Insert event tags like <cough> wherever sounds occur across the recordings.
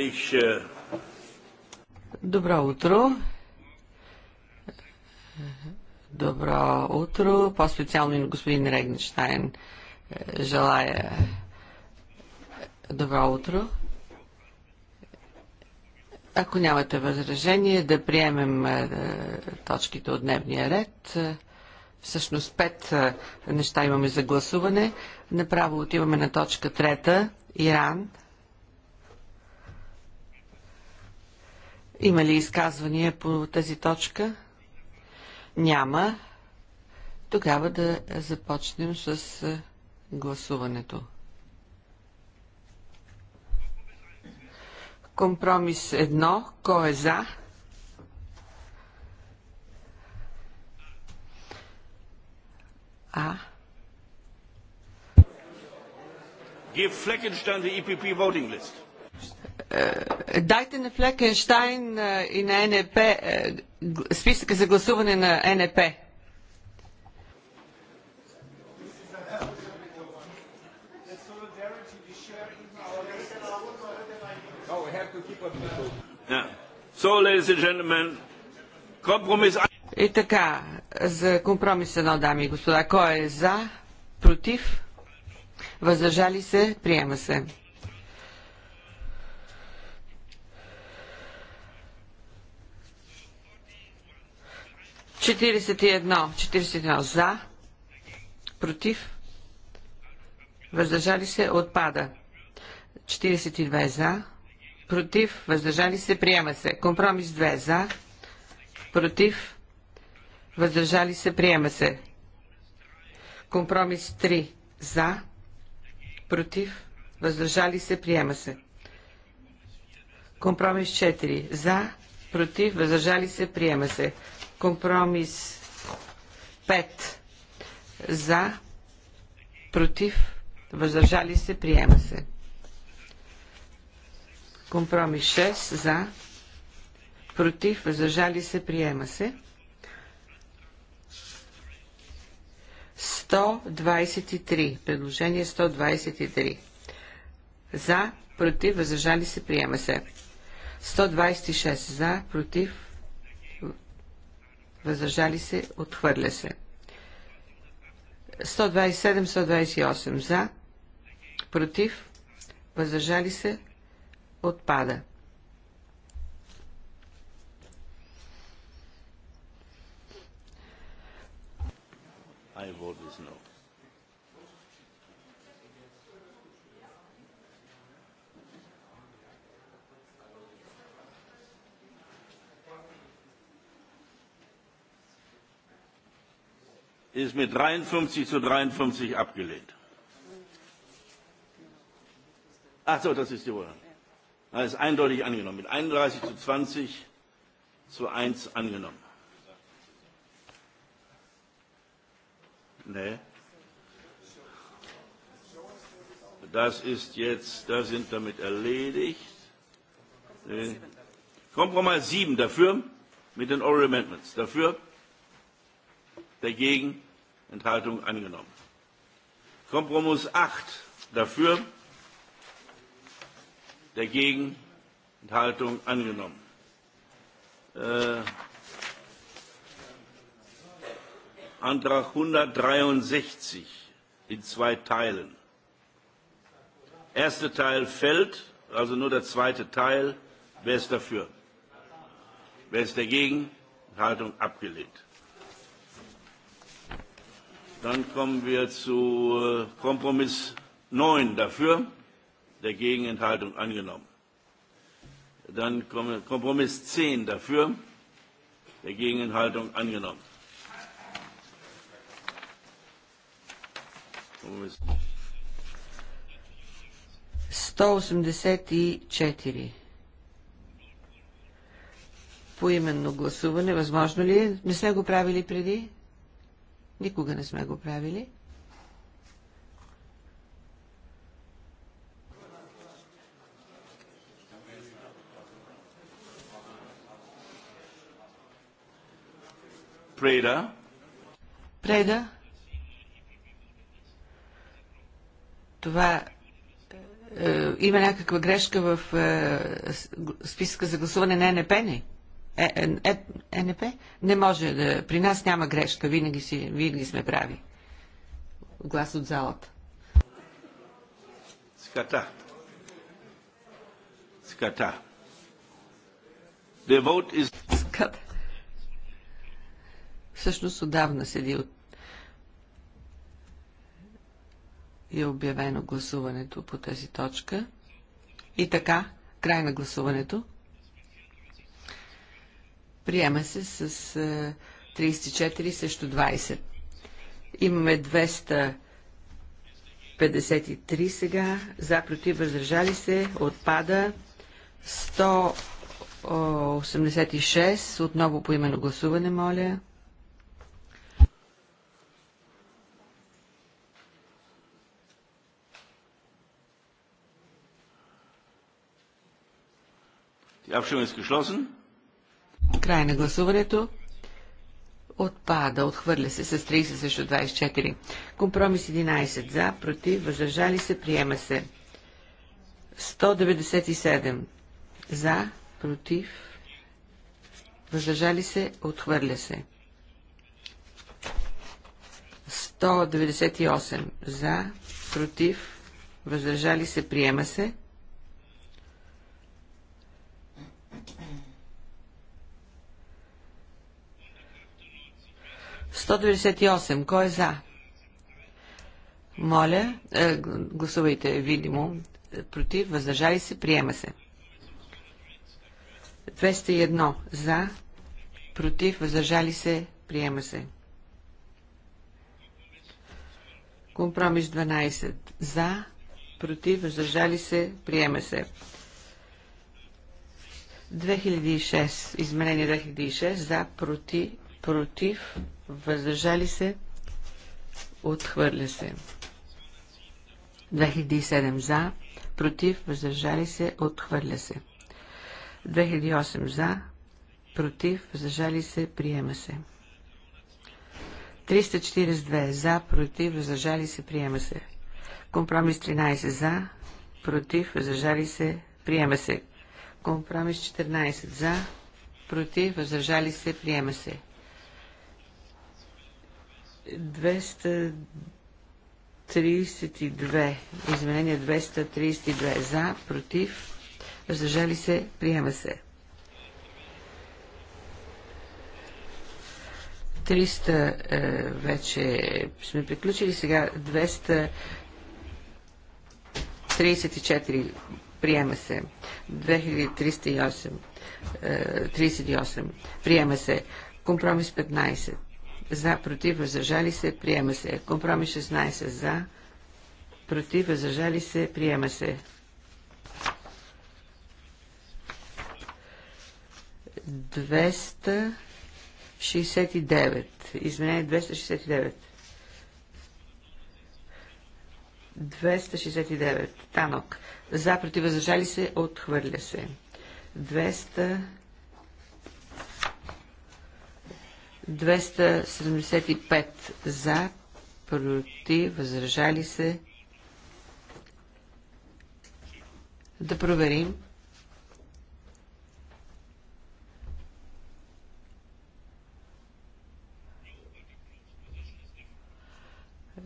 Äh, добро утро. Добро утро. По-специално и на господин Регнштайн е, желая е, добро утро. Ако нямате възражение, да приемем е, точките от дневния ред. Всъщност пет неща имаме за гласуване. Направо отиваме на точка трета. Иран. Има ли изказвания по тази точка? Няма. Тогава да започнем с гласуването. Компромис едно. Кой е за? А. Give Fleckenstein the EPP voting list. Е, дайте на Флекенштайн е, и на НЕП е, списъка за гласуване на НЕП. И така, за компромис едно, дами и господа. Кой е за? Против? Въздържали се? Приема се. 41. 41 за. Против. Въздържали се. Отпада. 42 за. Против. Въздържали се. Приема се. Компромис 2 за. Против. Въздържали се. Приема се. Компромис 3 за. Против. Въздържали се. Приема се. Компромис 4 за. Против. Въздържали се. Приема се. Компромис 5 за, против, въздържали се, приема се. Компромис 6 за, против, въздържали се, приема се. 123. Предложение 123. За, против, въздържали се, приема се. 126 за, против, въздържали се, отхвърля се. 127-128 за, против, въздържали се, отпада. I vote is no. ist mit 53 zu 53 abgelehnt. Ach so, das ist die Wohnung. Das ist eindeutig angenommen. Mit 31 zu 20 zu 1 angenommen. Nee. Das ist jetzt, da sind damit erledigt. Nee. Kompromiss 7 dafür mit den Oral Amendments. Dafür, dagegen, Enthaltung angenommen. Kompromiss 8 dafür, dagegen, Enthaltung angenommen. Äh, Antrag 163 in zwei Teilen. Erster Teil fällt, also nur der zweite Teil. Wer ist dafür? Wer ist dagegen? Enthaltung abgelehnt. Dann kommen wir zu Kompromiss 9 dafür, der Gegenenthaltung angenommen. Dann Kompromiss 10 dafür, der Gegenenthaltung angenommen. Kompromiss 184. Поименно гласуване, възможно ли е? Не сме го правили преди? Никога не сме го правили. Преда. Преда. Това е, има някаква грешка в е, списка за гласуване на не, не? Е, е, е, НП, не може да... При нас няма грешка, винаги, си, винаги сме прави. Глас от залата. Ската. Ската. The vote is... Ската. Всъщност отдавна седи от е обявено гласуването по тази точка. И така, край на гласуването. Приема се с 34 също 20. Имаме 253 сега. За, против, въздържали се. Отпада. 186. Отново по имено гласуване, моля. Die Abstimmung ist geschlossen. Край на гласуването. Отпада, отхвърля се с 30 срещу 24. Компромис 11 за, против, въздържали се, приема се. 197 за, против, въздържали се, отхвърля се. 198 за, против, въздържали се, приема се. 198. Кой е за? Моля, е, гласувайте видимо. Е, против, въздържали се, приема се. 201. За, против, въздържали се, приема се. Компромис 12. За, против, въздържали се, приема се. 2006. Изменение 2006. За, против, против, въздържали се, отхвърля се. 2007 за, против, въздържали се, отхвърля се. 2008 за, против, въздържали се, приема се. 342 за, против, въздържали се, приема се. Компромис 13 за, против, въздържали се, приема се. Компромис 14 за, против, въздържали се, приема се. 232. Изменение 232. За, против, въздържали се, приема се. 300 е, вече сме приключили. Сега 234 приема се. 2308 38 е, приема се. Компромис 15 за, против, въздържали се, приема се. Компромис 16 за, против, въздържали се, приема се. 269. Изменение 269. 269. Танок. За, против, въздържали се, отхвърля се. 200 275 за, против, възражали се. Да проверим.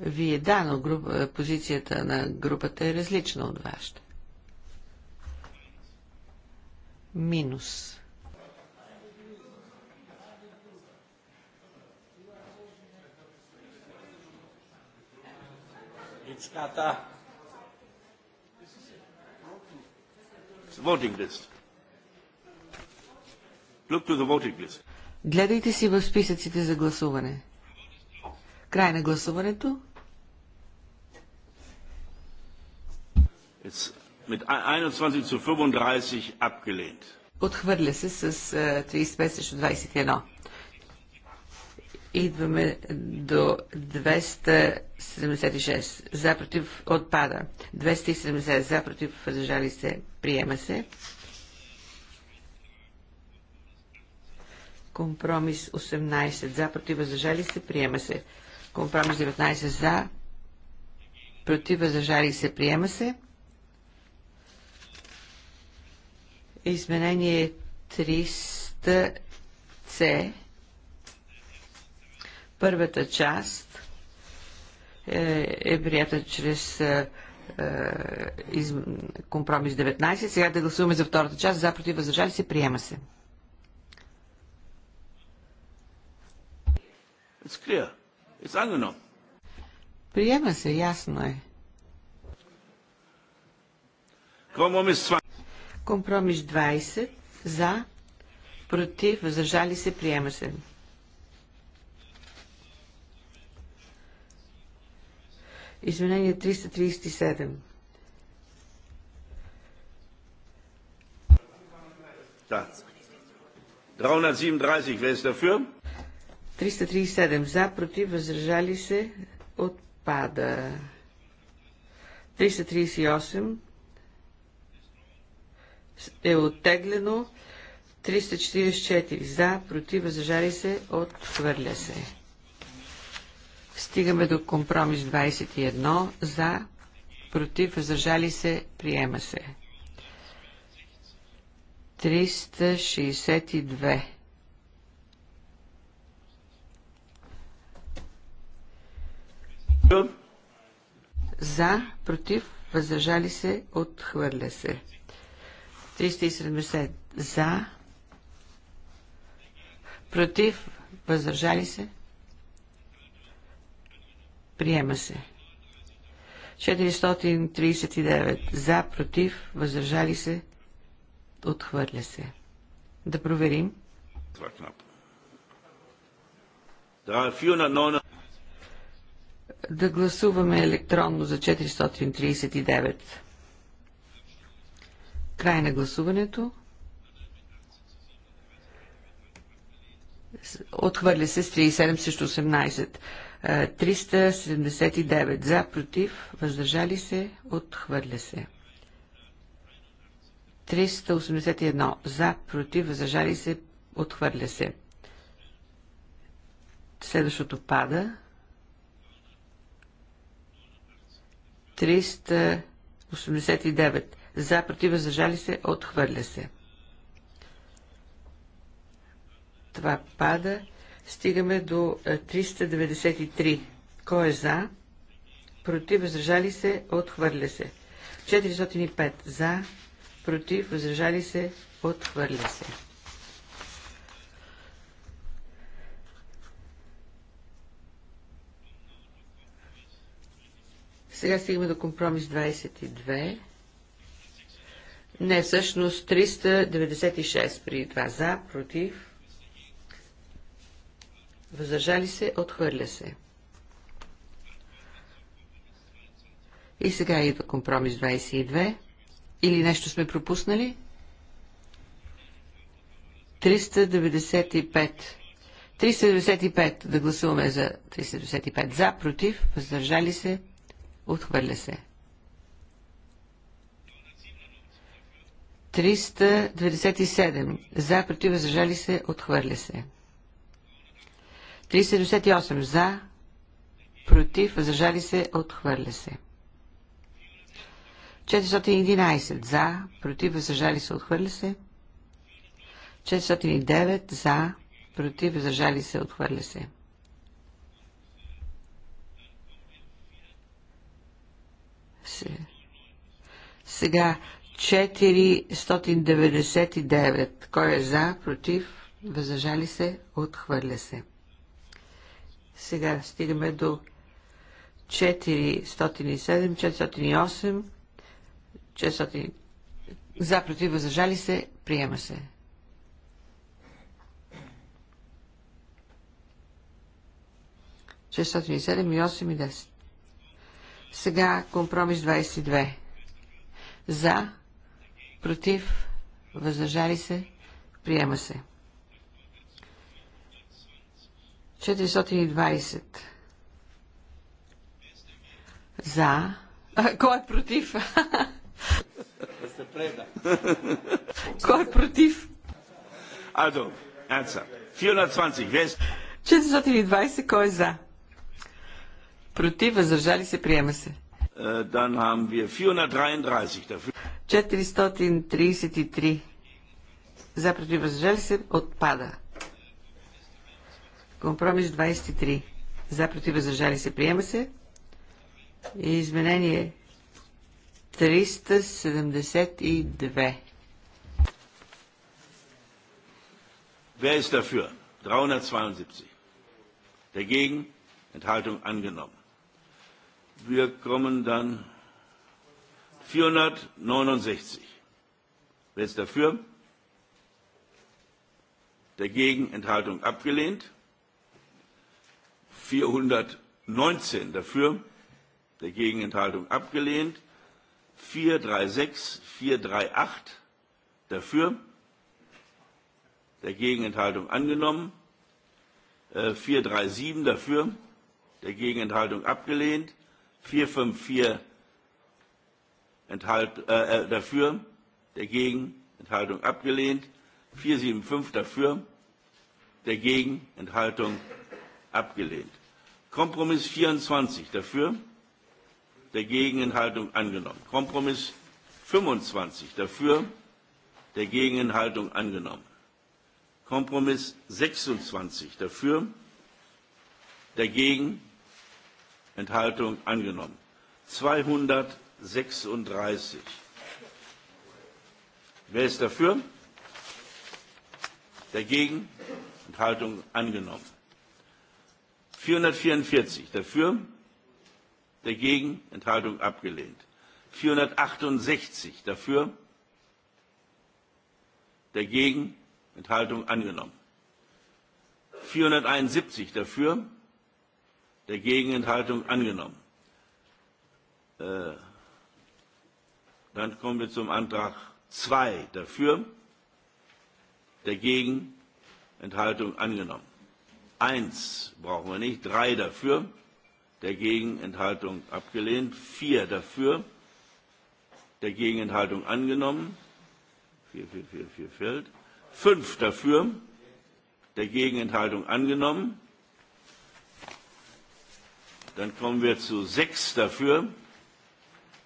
Вие, да, но груп, е, позицията на групата е различна от вашата. Минус. It's Qatar. voting list. Look to the voting list. Гледайте си в списъците за гласуване. Край на гласуването. It's mit 21 zu 35 abgelehnt. Отхвърля се с 35 е, срещу 21. Идваме до 276. За против отпада. 270. За против въздържали се. Приема се. Компромис 18. За против въздържали се. Приема се. Компромис 19. За против въздържали се. Приема се. Изменение 300 Първата част е, е прията чрез е, е из, компромис 19. Сега да гласуваме за втората част. За против въздържали се, приема се. It's clear. It's Приема се, ясно е. Компромис 20. Компромис 20. За, против, въздържали се, приема се. Извинение 337. Да. 337, 337 е за, против, възражали се, отпада. 338 е оттеглено. 344 за, против, възражали се, отхвърля се. Стигаме до компромис 21. За, против, въздържали се, приема се. 362. За, против, въздържали се, отхвърля се. 370. За, против, въздържали се, Приема се. 439 за, против, въздържали се, отхвърля се. Да проверим. Да гласуваме електронно за 439. Край на гласуването. Отхвърля се с 37 срещу 18. 379 за, против, въздържали се, отхвърля се. 381 за, против, въздържали се, отхвърля се. Следващото пада. 389 за, против, въздържали се, отхвърля се. Това пада. Стигаме до 393. Е, Кой е за? Против, въздържали се, отхвърля се. 405 за, против, въздържали се, отхвърля се. Сега стигаме до компромис 22. Не, всъщност 396 при това за, против, Въздържали се, отхвърля се. И сега идва компромис 22. Или нещо сме пропуснали? 395. 395. Да гласуваме за 395. За, против, въздържали се, отхвърля се. 397. За, против, въздържали се, отхвърля се. 378 за, против, въздържали се, отхвърля се. 411 за, против, въздържали се, отхвърля се. 409 за, против, въздържали се, отхвърля се. Сега 499. Кой е за, против, въздържали се, отхвърля се. Сега стигаме до 407, 408, 600. За, против, въздържали се, приема се. и 8 и 10. Сега компромис 22. За, против, въздържали се, приема се. 420. За. А, кой е против? <laughs> кой е против? Адо, Анца. 420. 420. Кой е за? Против, въздържали се, приема се. Е, dann haben wir 433 dafür. 433. За против, въздържали се, отпада. Компромис 23. За против въздържали се. Приема се. И изменение 372. Wer ist dafür? 372. Dagegen? Enthaltung angenommen. Wir kommen dann 469. Wer ist dafür? Dagegen? Enthaltung abgelehnt. 419 dafür, dagegen Enthaltung abgelehnt. 436, 438 dafür, dagegen Enthaltung angenommen. 437 dafür, dagegen Enthaltung abgelehnt. 454 äh, dafür, dagegen Enthaltung abgelehnt. 475 dafür, dagegen Enthaltung abgelehnt abgelehnt. Kompromiss 24 dafür, der Gegenenthaltung angenommen. Kompromiss 25 dafür, der Gegenenthaltung angenommen. Kompromiss 26 dafür, dagegen Enthaltung angenommen. 236. Wer ist dafür? Dagegen? Enthaltung angenommen. 444 dafür, dagegen, Enthaltung abgelehnt. 468 dafür, dagegen, Enthaltung angenommen. 471 dafür, dagegen, Enthaltung angenommen. Dann kommen wir zum Antrag 2 dafür, dagegen, Enthaltung angenommen. Eins brauchen wir nicht, drei dafür, dagegen Enthaltung abgelehnt, vier dafür, dagegen Enthaltung angenommen, vier, vier, vier, vier fällt, fünf dafür, dagegen Enthaltung angenommen, dann kommen wir zu sechs dafür,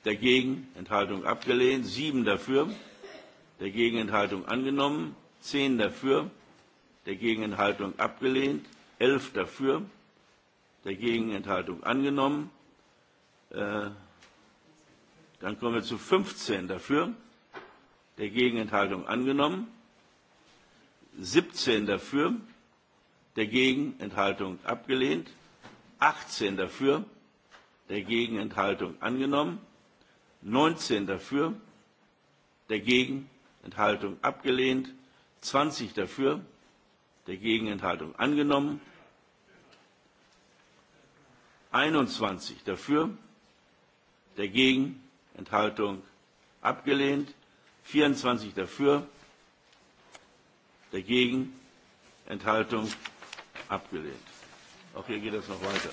dagegen Enthaltung abgelehnt, sieben dafür, dagegen Enthaltung angenommen, zehn dafür, dagegen Enthaltung abgelehnt, 11 dafür, dagegen Enthaltung angenommen. dann kommen wir zu 15 dafür, der Gegenenthaltung angenommen. 17 dafür, der Gegenenthaltung abgelehnt. 18 dafür, dagegen Enthaltung angenommen. 19 dafür, der Gegenenthaltung abgelehnt. 20 dafür, dagegen Enthaltung angenommen. 21 dafür, dagegen Enthaltung abgelehnt. 24 dafür, dagegen Enthaltung abgelehnt. Auch hier geht es noch weiter.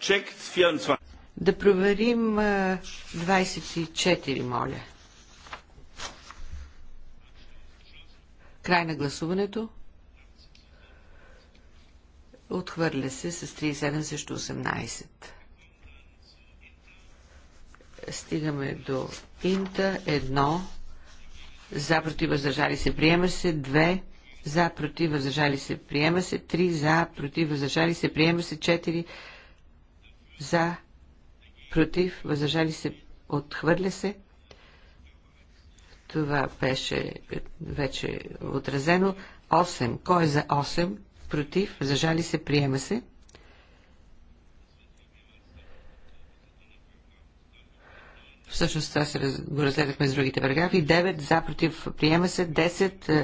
Check 24. Да проверим 24, моля. Край на гласуването. Отхвърля се с 37 срещу 18. Стигаме до Инта Едно За против въздържали се приема се 2. За против въздържали се приема се Три За против въздържали се приема се 4. За против, въздържали се, отхвърля се. Това беше вече отразено. 8. Кой е за 8? Против, въздържали се, приема се. Всъщност това се раз... го разгледахме с другите параграфи. 9 за, против, приема се. 10 е,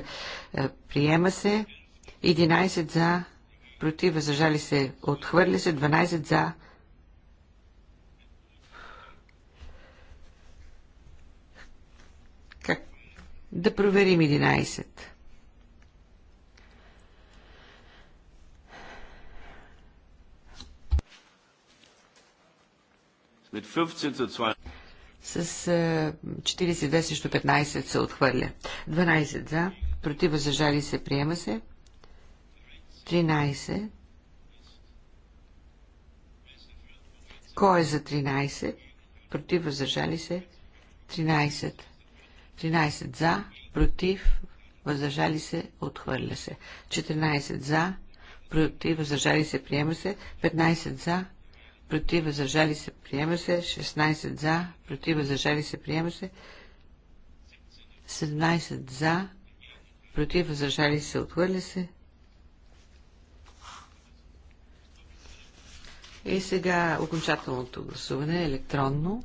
е, приема се. 11 за, против, въздържали се, отхвърля се. 12 за, Да проверим 11. С 42 срещу 15 се отхвърля. 12 за, против въздържали се, приема се. 13. Кой е за 13? Против въздържали се? 13. 13 за, против, въздържали се, отхвърля се. 14 за, против, въздържали се, приема се. 15 за, против, въздържали се, приема се. 16 за, против, въздържали се, приема се. 17 за, против, въздържали се, отхвърля се. И сега окончателното гласуване е електронно.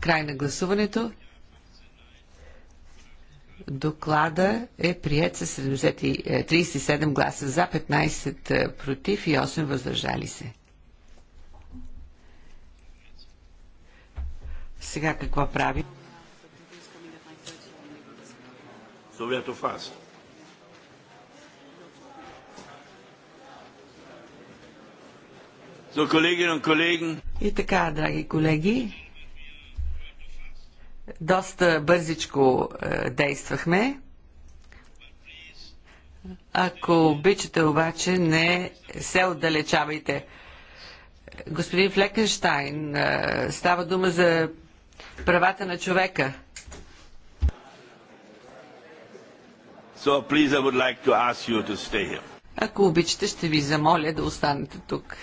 Край на гласуването. Доклада е прият с 37 е, гласа за, 15 е, против и 8 въздържали се. Сега какво прави? So И така, драги колеги, доста бързичко е, действахме. Ако обичате обаче, не се отдалечавайте. Господин Флекенштайн, е, става дума за правата на човека. So please, I would like to ask you to stay here. Ако обичате, ще ви замоля да останете тук.